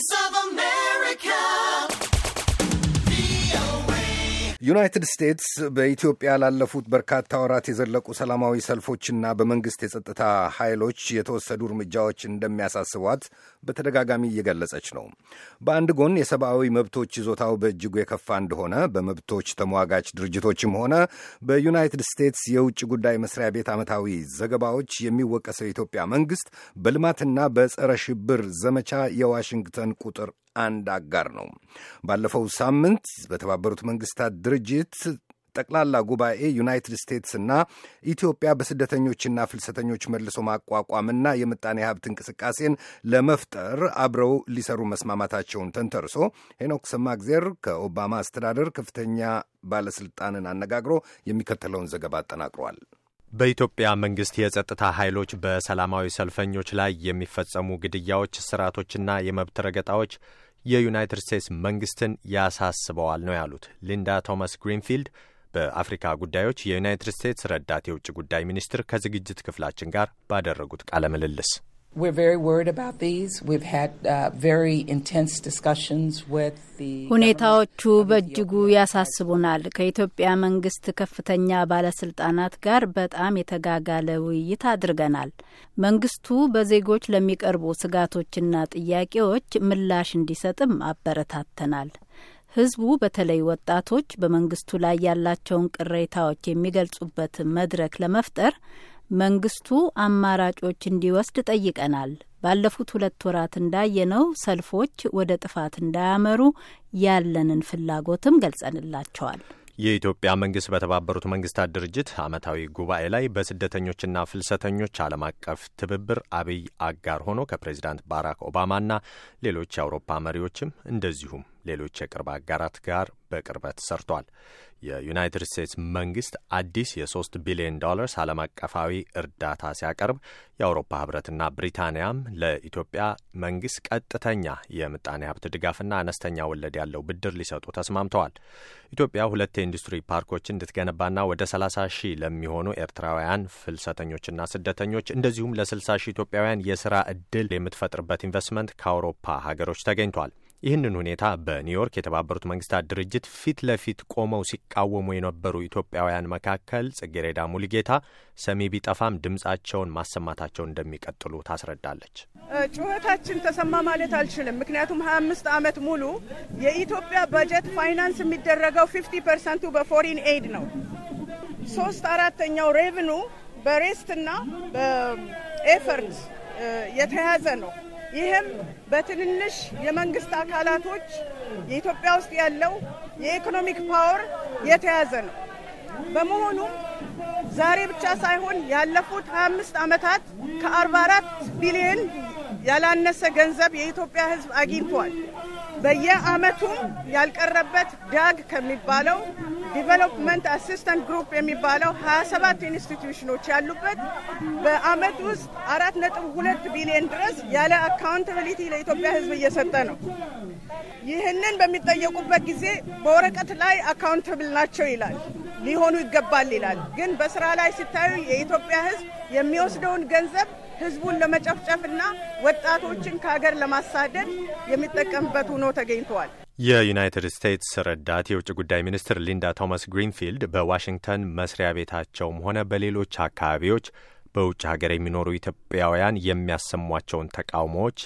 voice of ዩናይትድ ስቴትስ በኢትዮጵያ ላለፉት በርካታ ወራት የዘለቁ ሰላማዊ ሰልፎችና በመንግሥት የጸጥታ ኃይሎች የተወሰዱ እርምጃዎች እንደሚያሳስቧት በተደጋጋሚ እየገለጸች ነው። በአንድ ጎን የሰብአዊ መብቶች ይዞታው በእጅጉ የከፋ እንደሆነ በመብቶች ተሟጋች ድርጅቶችም ሆነ በዩናይትድ ስቴትስ የውጭ ጉዳይ መስሪያ ቤት ዓመታዊ ዘገባዎች የሚወቀሰው የኢትዮጵያ መንግሥት በልማትና በጸረ ሽብር ዘመቻ የዋሽንግተን ቁጥር አንድ አጋር ነው። ባለፈው ሳምንት በተባበሩት መንግስታት ድርጅት ጠቅላላ ጉባኤ ዩናይትድ ስቴትስና ኢትዮጵያ በስደተኞችና ፍልሰተኞች መልሶ ማቋቋምና የምጣኔ ሀብት እንቅስቃሴን ለመፍጠር አብረው ሊሰሩ መስማማታቸውን ተንተርሶ ሄኖክ ሰማግዜር ከኦባማ አስተዳደር ከፍተኛ ባለስልጣንን አነጋግሮ የሚከተለውን ዘገባ አጠናቅሯል። በኢትዮጵያ መንግስት የጸጥታ ኃይሎች በሰላማዊ ሰልፈኞች ላይ የሚፈጸሙ ግድያዎች፣ ስርዓቶችና የመብት ረገጣዎች የዩናይትድ ስቴትስ መንግስትን ያሳስበዋል ነው ያሉት ሊንዳ ቶማስ ግሪንፊልድ በአፍሪካ ጉዳዮች የዩናይትድ ስቴትስ ረዳት የውጭ ጉዳይ ሚኒስትር ከዝግጅት ክፍላችን ጋር ባደረጉት ቃለ ምልልስ Uh, ሁኔታዎቹ በእጅጉ ያሳስቡናል። ከኢትዮጵያ መንግስት ከፍተኛ ባለስልጣናት ጋር በጣም የተጋጋለ ውይይት አድርገናል። መንግስቱ በዜጎች ለሚቀርቡ ስጋቶችና ጥያቄዎች ምላሽ እንዲሰጥም አበረታተናል። ህዝቡ በተለይ ወጣቶች በመንግስቱ ላይ ያላቸውን ቅሬታዎች የሚገልጹበት መድረክ ለመፍጠር መንግስቱ አማራጮች እንዲወስድ ጠይቀናል። ባለፉት ሁለት ወራት እንዳየነው ሰልፎች ወደ ጥፋት እንዳያመሩ ያለንን ፍላጎትም ገልጸንላቸዋል። የኢትዮጵያ መንግስት በተባበሩት መንግስታት ድርጅት ዓመታዊ ጉባኤ ላይ በስደተኞችና ፍልሰተኞች ዓለም አቀፍ ትብብር አብይ አጋር ሆኖ ከፕሬዚዳንት ባራክ ኦባማና ሌሎች የአውሮፓ መሪዎችም እንደዚሁም ሌሎች የቅርብ አጋራት ጋር በቅርበት ሰርቷል። የዩናይትድ ስቴትስ መንግስት አዲስ የሶስት ቢሊዮን ዶላርስ ዓለም አቀፋዊ እርዳታ ሲያቀርብ የአውሮፓ ህብረትና ብሪታንያም ለኢትዮጵያ መንግስት ቀጥተኛ የምጣኔ ሀብት ድጋፍና አነስተኛ ወለድ ያለው ብድር ሊሰጡ ተስማምተዋል። ኢትዮጵያ ሁለት የኢንዱስትሪ ፓርኮች እንድትገነባና ወደ 30 ሺህ ለሚሆኑ ኤርትራውያን ፍልሰተኞችና ስደተኞች እንደዚሁም ለ60 ሺህ ኢትዮጵያውያን የስራ እድል የምትፈጥርበት ኢንቨስትመንት ከአውሮፓ ሀገሮች ተገኝቷል። ይህንን ሁኔታ በኒውዮርክ የተባበሩት መንግስታት ድርጅት ፊት ለፊት ቆመው ሲቃወሙ የነበሩ ኢትዮጵያውያን መካከል ጽጌሬዳ ሙልጌታ ሰሚ ቢጠፋም ድምጻቸውን ማሰማታቸውን እንደሚቀጥሉ ታስረዳለች። ጩኸታችን ተሰማ ማለት አልችልም። ምክንያቱም ሀያ አምስት ዓመት ሙሉ የኢትዮጵያ በጀት ፋይናንስ የሚደረገው ፊፍቲ ፐርሰንቱ በፎሪን ኤድ ነው። ሶስት አራተኛው ሬቭኑ በሬስትና በኤፈርንስ የተያዘ ነው። ይህም በትንንሽ የመንግስት አካላቶች የኢትዮጵያ ውስጥ ያለው የኢኮኖሚክ ፓወር የተያዘ ነው። በመሆኑም ዛሬ ብቻ ሳይሆን ያለፉት 25 ዓመታት ከ44 ቢሊዮን ያላነሰ ገንዘብ የኢትዮጵያ ሕዝብ አግኝቷል። በየአመቱም ያልቀረበት ዳግ ከሚባለው ዲቨሎፕመንት አሲስታንት ግሩፕ የሚባለው 27 ኢንስቲትዩሽኖች ያሉበት በአመት ውስጥ 4.2 ቢሊዮን ድረስ ያለ አካውንታብሊቲ ለኢትዮጵያ ሕዝብ እየሰጠ ነው። ይህንን በሚጠየቁበት ጊዜ በወረቀት ላይ አካውንታብል ናቸው ይላል፣ ሊሆኑ ይገባል ይላል። ግን በስራ ላይ ሲታዩ የኢትዮጵያ ሕዝብ የሚወስደውን ገንዘብ ህዝቡን ለመጨፍጨፍና ወጣቶችን ከሀገር ለማሳደድ የሚጠቀምበት ሆኖ ተገኝተዋል። የዩናይትድ ስቴትስ ረዳት የውጭ ጉዳይ ሚኒስትር ሊንዳ ቶማስ ግሪንፊልድ በዋሽንግተን መስሪያ ቤታቸውም ሆነ በሌሎች አካባቢዎች በውጭ ሀገር የሚኖሩ ኢትዮጵያውያን የሚያሰሟቸውን ተቃውሞዎች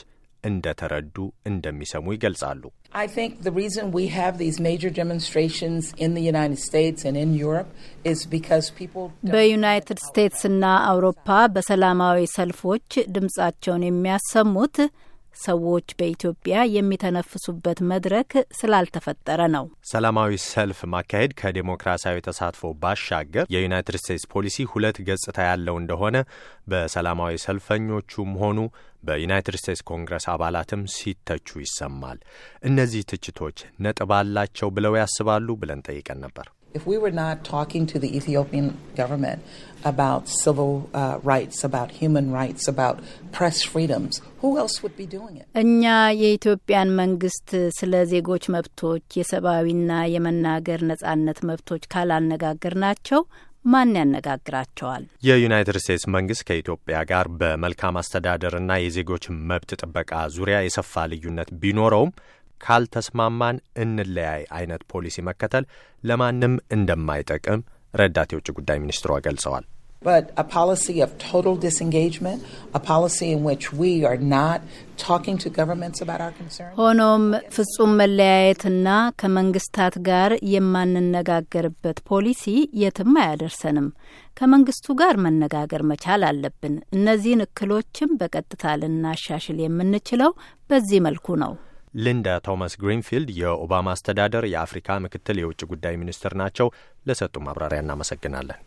እንደተረዱ እንደሚሰሙ ይገልጻሉ። በዩናይትድ ስቴትስና አውሮፓ በሰላማዊ ሰልፎች ድምጻቸውን የሚያሰሙት ሰዎች በኢትዮጵያ የሚተነፍሱበት መድረክ ስላልተፈጠረ ነው። ሰላማዊ ሰልፍ ማካሄድ ከዴሞክራሲያዊ ተሳትፎ ባሻገር የዩናይትድ ስቴትስ ፖሊሲ ሁለት ገጽታ ያለው እንደሆነ በሰላማዊ ሰልፈኞቹም ሆኑ በዩናይትድ ስቴትስ ኮንግረስ አባላትም ሲተቹ ይሰማል። እነዚህ ትችቶች ነጥብ አላቸው ብለው ያስባሉ ብለን ጠይቀን ነበር። If we were not talking to the Ethiopian government about civil uh, rights, about human rights, about press freedoms, who else would be doing it? እኛ የኢትዮጵያን መንግስት ስለ ዜጎች መብቶች የሰብአዊና የመናገር ነጻነት መብቶች ካላነጋገር ናቸው ማን ያነጋግራቸዋል? የዩናይትድ ስቴትስ መንግስት ከኢትዮጵያ ጋር በመልካም አስተዳደርና የዜጎች መብት ጥበቃ ዙሪያ የሰፋ ልዩነት ቢኖረውም ካልተስማማን እንለያይ አይነት ፖሊሲ መከተል ለማንም እንደማይጠቅም ረዳት የውጭ ጉዳይ ሚኒስትሯ ገልጸዋል። But a policy of total disengagement, a policy in which we are not talking to governments about our concerns. ሆኖም ፍጹም መለያየትና ከመንግስታት ጋር የማንነጋገርበት ፖሊሲ የትም አያደርሰንም። ከመንግስቱ ጋር መነጋገር መቻል አለብን። እነዚህን እክሎችም በቀጥታ ልናሻሽል የምንችለው በዚህ መልኩ ነው። ሊንዳ ቶማስ ግሪንፊልድ የኦባማ አስተዳደር የአፍሪካ ምክትል የውጭ ጉዳይ ሚኒስትር ናቸው። ለሰጡ ማብራሪያ እናመሰግናለን።